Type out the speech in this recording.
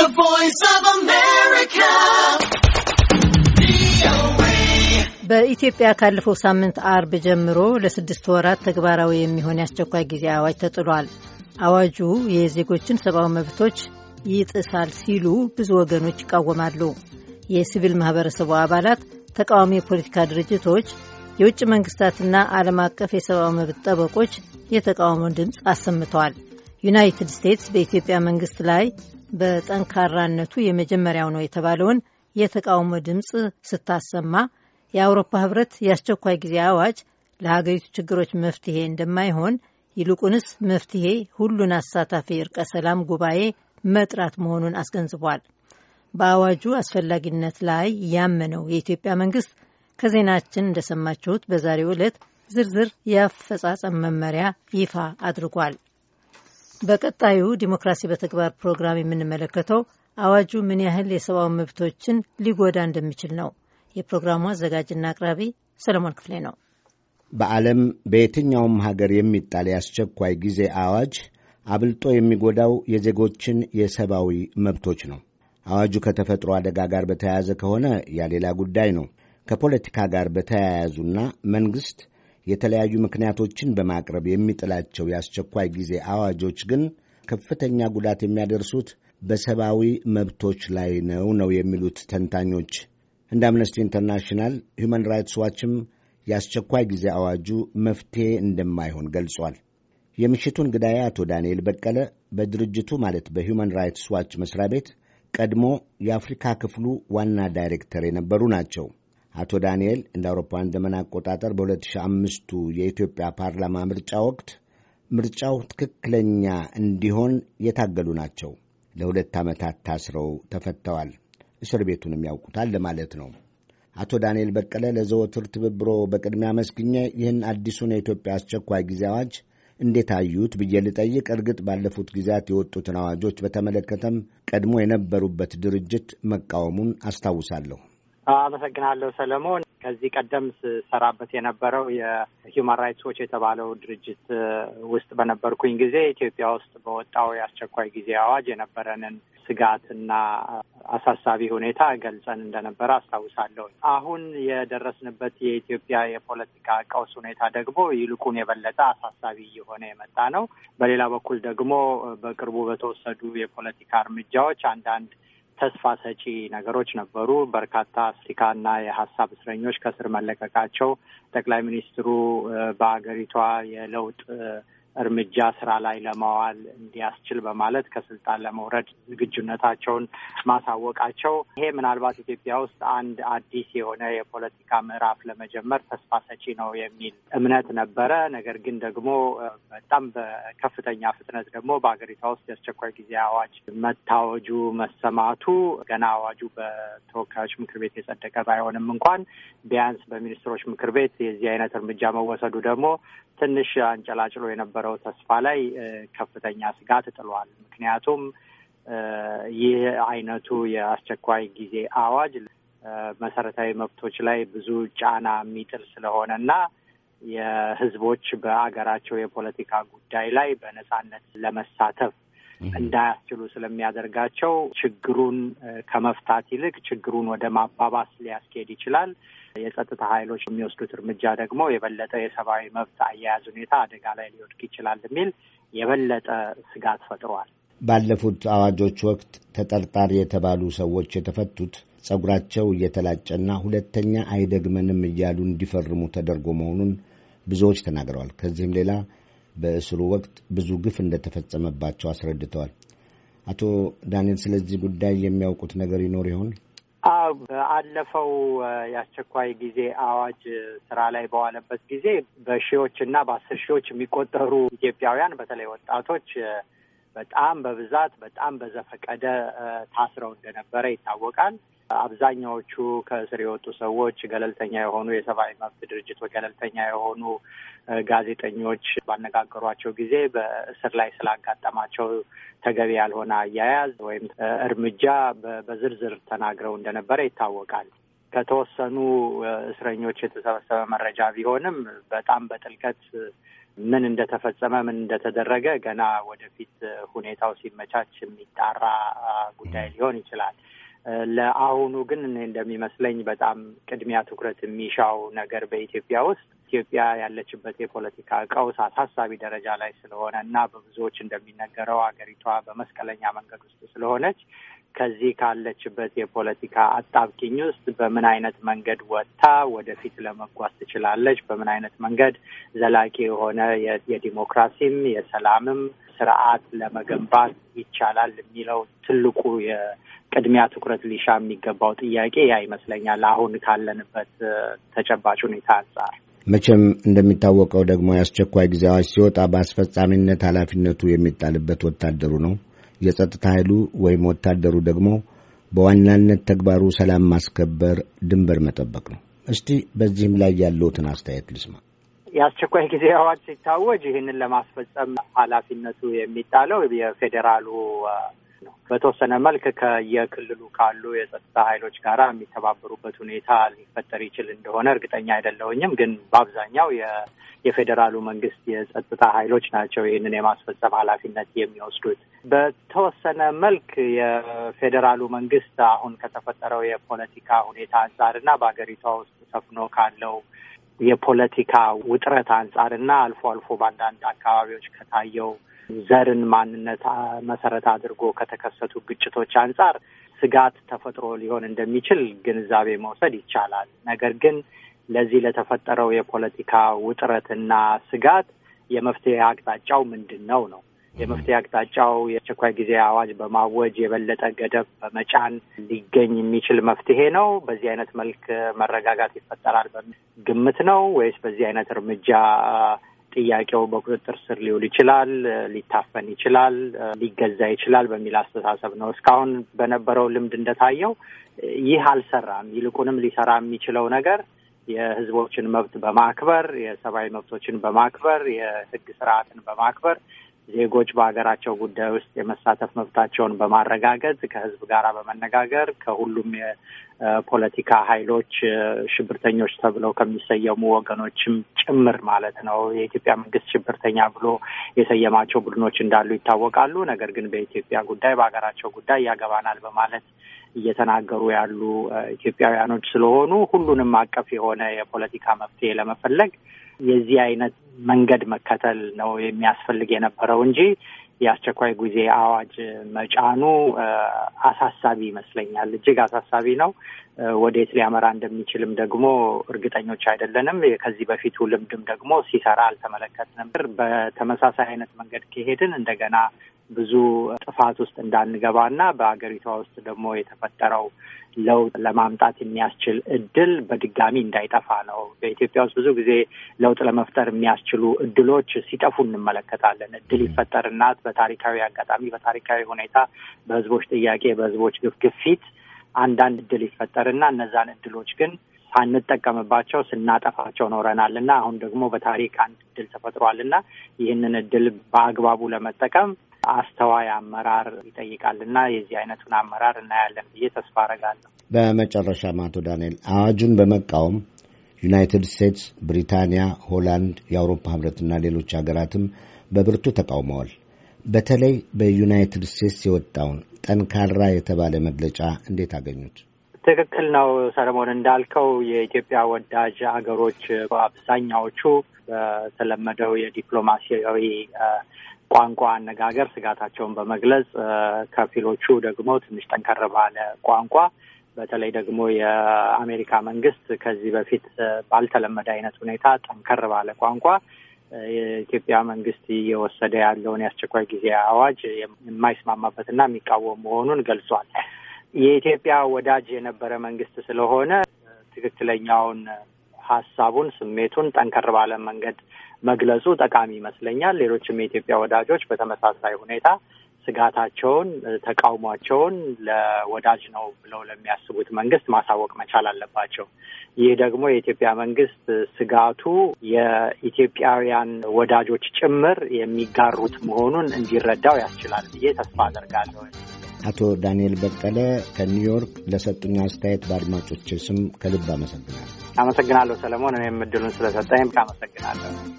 The Voice of America. በኢትዮጵያ ካለፈው ሳምንት አርብ ጀምሮ ለስድስት ወራት ተግባራዊ የሚሆን የአስቸኳይ ጊዜ አዋጅ ተጥሏል። አዋጁ የዜጎችን ሰብአዊ መብቶች ይጥሳል ሲሉ ብዙ ወገኖች ይቃወማሉ። የሲቪል ማህበረሰቡ አባላት፣ ተቃዋሚ የፖለቲካ ድርጅቶች፣ የውጭ መንግስታትና ዓለም አቀፍ የሰብአዊ መብት ጠበቆች የተቃውሞን ድምፅ አሰምተዋል። ዩናይትድ ስቴትስ በኢትዮጵያ መንግስት ላይ በጠንካራነቱ የመጀመሪያው ነው የተባለውን የተቃውሞ ድምፅ ስታሰማ የአውሮፓ ህብረት የአስቸኳይ ጊዜ አዋጅ ለሀገሪቱ ችግሮች መፍትሄ እንደማይሆን ይልቁንስ መፍትሄ ሁሉን አሳታፊ እርቀ ሰላም ጉባኤ መጥራት መሆኑን አስገንዝቧል። በአዋጁ አስፈላጊነት ላይ ያመነው የኢትዮጵያ መንግስት ከዜናችን እንደሰማችሁት በዛሬው ዕለት ዝርዝር የአፈጻጸም መመሪያ ይፋ አድርጓል። በቀጣዩ ዲሞክራሲ በተግባር ፕሮግራም የምንመለከተው አዋጁ ምን ያህል የሰብአዊ መብቶችን ሊጎዳ እንደሚችል ነው። የፕሮግራሙ አዘጋጅና አቅራቢ ሰለሞን ክፍሌ ነው። በዓለም በየትኛውም ሀገር የሚጣል የአስቸኳይ ጊዜ አዋጅ አብልጦ የሚጎዳው የዜጎችን የሰብአዊ መብቶች ነው። አዋጁ ከተፈጥሮ አደጋ ጋር በተያያዘ ከሆነ ያሌላ ጉዳይ ነው። ከፖለቲካ ጋር በተያያዙና መንግሥት የተለያዩ ምክንያቶችን በማቅረብ የሚጥላቸው የአስቸኳይ ጊዜ አዋጆች ግን ከፍተኛ ጉዳት የሚያደርሱት በሰብአዊ መብቶች ላይ ነው ነው የሚሉት ተንታኞች። እንደ አምነስቲ ኢንተርናሽናል፣ ሁማን ራይትስ ዋችም የአስቸኳይ ጊዜ አዋጁ መፍትሄ እንደማይሆን ገልጿል። የምሽቱ እንግዳዬ አቶ ዳንኤል በቀለ በድርጅቱ ማለት በሁማን ራይትስ ዋች መስሪያ ቤት ቀድሞ የአፍሪካ ክፍሉ ዋና ዳይሬክተር የነበሩ ናቸው። አቶ ዳንኤል እንደ አውሮፓውያን ዘመን አቆጣጠር በ2005ቱ የኢትዮጵያ ፓርላማ ምርጫ ወቅት ምርጫው ትክክለኛ እንዲሆን የታገሉ ናቸው። ለሁለት ዓመታት ታስረው ተፈተዋል። እስር ቤቱንም ያውቁታል ለማለት ነው። አቶ ዳንኤል በቀለ ለዘወትር ትብብሮ በቅድሚያ መስግኘ ይህን አዲሱን የኢትዮጵያ አስቸኳይ ጊዜ አዋጅ እንዴት አዩት ብዬ ልጠይቅ። እርግጥ ባለፉት ጊዜያት የወጡትን አዋጆች በተመለከተም ቀድሞ የነበሩበት ድርጅት መቃወሙን አስታውሳለሁ። አመሰግናለሁ ሰለሞን። ከዚህ ቀደም ስሰራበት የነበረው የሂውማን ራይትስ ዎች የተባለው ድርጅት ውስጥ በነበርኩኝ ጊዜ ኢትዮጵያ ውስጥ በወጣው የአስቸኳይ ጊዜ አዋጅ የነበረንን ስጋትና አሳሳቢ ሁኔታ ገልጸን እንደነበረ አስታውሳለሁ። አሁን የደረስንበት የኢትዮጵያ የፖለቲካ ቀውስ ሁኔታ ደግሞ ይልቁን የበለጠ አሳሳቢ እየሆነ የመጣ ነው። በሌላ በኩል ደግሞ በቅርቡ በተወሰዱ የፖለቲካ እርምጃዎች አንዳንድ ተስፋ ሰጪ ነገሮች ነበሩ። በርካታ አፍሪካና የሀሳብ እስረኞች ከስር መለቀቃቸው፣ ጠቅላይ ሚኒስትሩ በሀገሪቷ የለውጥ እርምጃ ስራ ላይ ለማዋል እንዲያስችል በማለት ከስልጣን ለመውረድ ዝግጁነታቸውን ማሳወቃቸው ይሄ ምናልባት ኢትዮጵያ ውስጥ አንድ አዲስ የሆነ የፖለቲካ ምዕራፍ ለመጀመር ተስፋ ሰጪ ነው የሚል እምነት ነበረ። ነገር ግን ደግሞ በጣም በከፍተኛ ፍጥነት ደግሞ በሀገሪቷ ውስጥ የአስቸኳይ ጊዜ አዋጅ መታወጁ መሰማቱ ገና አዋጁ በተወካዮች ምክር ቤት የጸደቀ ባይሆንም እንኳን ቢያንስ በሚኒስትሮች ምክር ቤት የዚህ አይነት እርምጃ መወሰዱ ደግሞ ትንሽ አንጨላጭሎ የነበረ የነበረው ተስፋ ላይ ከፍተኛ ስጋት ጥሏል። ምክንያቱም ይህ አይነቱ የአስቸኳይ ጊዜ አዋጅ መሰረታዊ መብቶች ላይ ብዙ ጫና የሚጥል ስለሆነ እና የህዝቦች በአገራቸው የፖለቲካ ጉዳይ ላይ በነጻነት ለመሳተፍ እንዳያስችሉ ስለሚያደርጋቸው ችግሩን ከመፍታት ይልቅ ችግሩን ወደ ማባባስ ሊያስኬድ ይችላል። የጸጥታ ኃይሎች የሚወስዱት እርምጃ ደግሞ የበለጠ የሰብአዊ መብት አያያዝ ሁኔታ አደጋ ላይ ሊወድቅ ይችላል የሚል የበለጠ ስጋት ፈጥሯል። ባለፉት አዋጆች ወቅት ተጠርጣሪ የተባሉ ሰዎች የተፈቱት ጸጉራቸው እየተላጨና ሁለተኛ አይደግመንም እያሉ እንዲፈርሙ ተደርጎ መሆኑን ብዙዎች ተናግረዋል። ከዚህም ሌላ በእስሩ ወቅት ብዙ ግፍ እንደተፈጸመባቸው አስረድተዋል። አቶ ዳንኤል ስለዚህ ጉዳይ የሚያውቁት ነገር ይኖር ይሆን? አዎ፣ በአለፈው የአስቸኳይ ጊዜ አዋጅ ስራ ላይ በዋለበት ጊዜ በሺዎች እና በአስር ሺዎች የሚቆጠሩ ኢትዮጵያውያን በተለይ ወጣቶች በጣም በብዛት በጣም በዘፈቀደ ታስረው እንደነበረ ይታወቃል። አብዛኛዎቹ ከእስር የወጡ ሰዎች ገለልተኛ የሆኑ የሰብአዊ መብት ድርጅቶች፣ ገለልተኛ የሆኑ ጋዜጠኞች ባነጋገሯቸው ጊዜ በእስር ላይ ስላጋጠማቸው ተገቢ ያልሆነ አያያዝ ወይም እርምጃ በዝርዝር ተናግረው እንደነበረ ይታወቃል። ከተወሰኑ እስረኞች የተሰበሰበ መረጃ ቢሆንም በጣም በጥልቀት ምን እንደተፈጸመ ምን እንደተደረገ ገና ወደፊት ሁኔታው ሲመቻች የሚጣራ ጉዳይ ሊሆን ይችላል። ለአሁኑ ግን እኔ እንደሚመስለኝ በጣም ቅድሚያ ትኩረት የሚሻው ነገር በኢትዮጵያ ውስጥ ኢትዮጵያ ያለችበት የፖለቲካ ቀውስ አሳሳቢ ደረጃ ላይ ስለሆነ እና በብዙዎች እንደሚነገረው ሀገሪቷ በመስቀለኛ መንገድ ውስጥ ስለሆነች ከዚህ ካለችበት የፖለቲካ አጣብቂኝ ውስጥ በምን አይነት መንገድ ወጥታ ወደፊት ለመጓዝ ትችላለች? በምን አይነት መንገድ ዘላቂ የሆነ የዲሞክራሲም የሰላምም ስርዓት ለመገንባት ይቻላል የሚለው ትልቁ ቅድሚያ ትኩረት ሊሻ የሚገባው ጥያቄ ያ ይመስለኛል አሁን ካለንበት ተጨባጭ ሁኔታ አንጻር። መቼም እንደሚታወቀው ደግሞ የአስቸኳይ ጊዜ አዋጅ ሲወጣ በአስፈጻሚነት ኃላፊነቱ የሚጣልበት ወታደሩ ነው። የጸጥታ ኃይሉ ወይም ወታደሩ ደግሞ በዋናነት ተግባሩ ሰላም ማስከበር፣ ድንበር መጠበቅ ነው። እስቲ በዚህም ላይ ያለውትን አስተያየት ልስማ። የአስቸኳይ ጊዜ አዋጅ ሲታወጅ ይህንን ለማስፈጸም ኃላፊነቱ የሚጣለው የፌዴራሉ ነው። በተወሰነ መልክ ከየክልሉ ካሉ የጸጥታ ኃይሎች ጋር የሚተባበሩበት ሁኔታ ሊፈጠር ይችል እንደሆነ እርግጠኛ አይደለሁኝም። ግን በአብዛኛው የፌዴራሉ መንግስት የጸጥታ ኃይሎች ናቸው ይህንን የማስፈጸም ኃላፊነት የሚወስዱት። በተወሰነ መልክ የፌዴራሉ መንግስት አሁን ከተፈጠረው የፖለቲካ ሁኔታ አንጻርና በሀገሪቷ ውስጥ ሰፍኖ ካለው የፖለቲካ ውጥረት አንጻርና አልፎ አልፎ በአንዳንድ አካባቢዎች ከታየው ዘርን ማንነት መሰረት አድርጎ ከተከሰቱ ግጭቶች አንጻር ስጋት ተፈጥሮ ሊሆን እንደሚችል ግንዛቤ መውሰድ ይቻላል። ነገር ግን ለዚህ ለተፈጠረው የፖለቲካ ውጥረትና ስጋት የመፍትሄ አቅጣጫው ምንድን ነው ነው የመፍትሄ አቅጣጫው የአስቸኳይ ጊዜ አዋጅ በማወጅ የበለጠ ገደብ በመጫን ሊገኝ የሚችል መፍትሄ ነው? በዚህ አይነት መልክ መረጋጋት ይፈጠራል በሚል ግምት ነው ወይስ በዚህ አይነት እርምጃ ጥያቄው በቁጥጥር ስር ሊውል ይችላል፣ ሊታፈን ይችላል፣ ሊገዛ ይችላል በሚል አስተሳሰብ ነው። እስካሁን በነበረው ልምድ እንደታየው ይህ አልሰራም። ይልቁንም ሊሰራ የሚችለው ነገር የህዝቦችን መብት በማክበር የሰብአዊ መብቶችን በማክበር የህግ ስርዓትን በማክበር ዜጎች በሀገራቸው ጉዳይ ውስጥ የመሳተፍ መብታቸውን በማረጋገጥ ከህዝብ ጋር በመነጋገር ከሁሉም ፖለቲካ ኃይሎች ሽብርተኞች ተብለው ከሚሰየሙ ወገኖችም ጭምር ማለት ነው። የኢትዮጵያ መንግስት ሽብርተኛ ብሎ የሰየማቸው ቡድኖች እንዳሉ ይታወቃሉ። ነገር ግን በኢትዮጵያ ጉዳይ በሀገራቸው ጉዳይ ያገባናል በማለት እየተናገሩ ያሉ ኢትዮጵያውያኖች ስለሆኑ ሁሉንም አቀፍ የሆነ የፖለቲካ መፍትሄ ለመፈለግ የዚህ አይነት መንገድ መከተል ነው የሚያስፈልግ የነበረው እንጂ የአስቸኳይ ጊዜ አዋጅ መጫኑ አሳሳቢ ይመስለኛል። እጅግ አሳሳቢ ነው። ወዴት ሊያመራ እንደሚችልም ደግሞ እርግጠኞች አይደለንም። ከዚህ በፊቱ ልምድም ደግሞ ሲሰራ አልተመለከትንም። በተመሳሳይ አይነት መንገድ ከሄድን እንደገና ብዙ ጥፋት ውስጥ እንዳንገባና በሀገሪቷ ውስጥ ደግሞ የተፈጠረው ለውጥ ለማምጣት የሚያስችል እድል በድጋሚ እንዳይጠፋ ነው። በኢትዮጵያ ውስጥ ብዙ ጊዜ ለውጥ ለመፍጠር የሚያስችሉ እድሎች ሲጠፉ እንመለከታለን። እድል ይፈጠርና በታሪካዊ አጋጣሚ፣ በታሪካዊ ሁኔታ፣ በህዝቦች ጥያቄ፣ በህዝቦች ግፊት አንዳንድ እድል ይፈጠርና እነዛን እድሎች ግን ሳንጠቀምባቸው ስናጠፋቸው ኖረናል እና አሁን ደግሞ በታሪክ አንድ እድል ተፈጥሯል እና ይህንን እድል በአግባቡ ለመጠቀም አስተዋይ አመራር ይጠይቃል እና የዚህ አይነቱን አመራር እናያለን ብዬ ተስፋ አረጋለሁ። በመጨረሻም አቶ ዳንኤል አዋጁን በመቃወም ዩናይትድ ስቴትስ፣ ብሪታንያ፣ ሆላንድ፣ የአውሮፓ ህብረትና ሌሎች ሀገራትም በብርቱ ተቃውመዋል። በተለይ በዩናይትድ ስቴትስ የወጣውን ጠንካራ የተባለ መግለጫ እንዴት አገኙት? ትክክል ነው ሰለሞን እንዳልከው የኢትዮጵያ ወዳጅ ሀገሮች በአብዛኛዎቹ በተለመደው የዲፕሎማሲያዊ ቋንቋ፣ አነጋገር ስጋታቸውን በመግለጽ ከፊሎቹ ደግሞ ትንሽ ጠንከር ባለ ቋንቋ በተለይ ደግሞ የአሜሪካ መንግስት ከዚህ በፊት ባልተለመደ አይነት ሁኔታ ጠንከር ባለ ቋንቋ የኢትዮጵያ መንግስት እየወሰደ ያለውን የአስቸኳይ ጊዜ አዋጅ የማይስማማበትና የሚቃወም መሆኑን ገልጿል። የኢትዮጵያ ወዳጅ የነበረ መንግስት ስለሆነ ትክክለኛውን ሀሳቡን፣ ስሜቱን ጠንከር ባለ መንገድ መግለጹ ጠቃሚ ይመስለኛል። ሌሎችም የኢትዮጵያ ወዳጆች በተመሳሳይ ሁኔታ ስጋታቸውን፣ ተቃውሟቸውን ለወዳጅ ነው ብለው ለሚያስቡት መንግስት ማሳወቅ መቻል አለባቸው። ይህ ደግሞ የኢትዮጵያ መንግስት ስጋቱ የኢትዮጵያውያን ወዳጆች ጭምር የሚጋሩት መሆኑን እንዲረዳው ያስችላል ብዬ ተስፋ አደርጋለሁ። አቶ ዳንኤል በቀለ ከኒውዮርክ ለሰጡኝ አስተያየት በአድማጮች ስም ከልብ አመሰግናለሁ። አመሰግናለሁ ሰለሞን፣ እኔም እድሉን ስለሰጠኝ አመሰግናለሁ።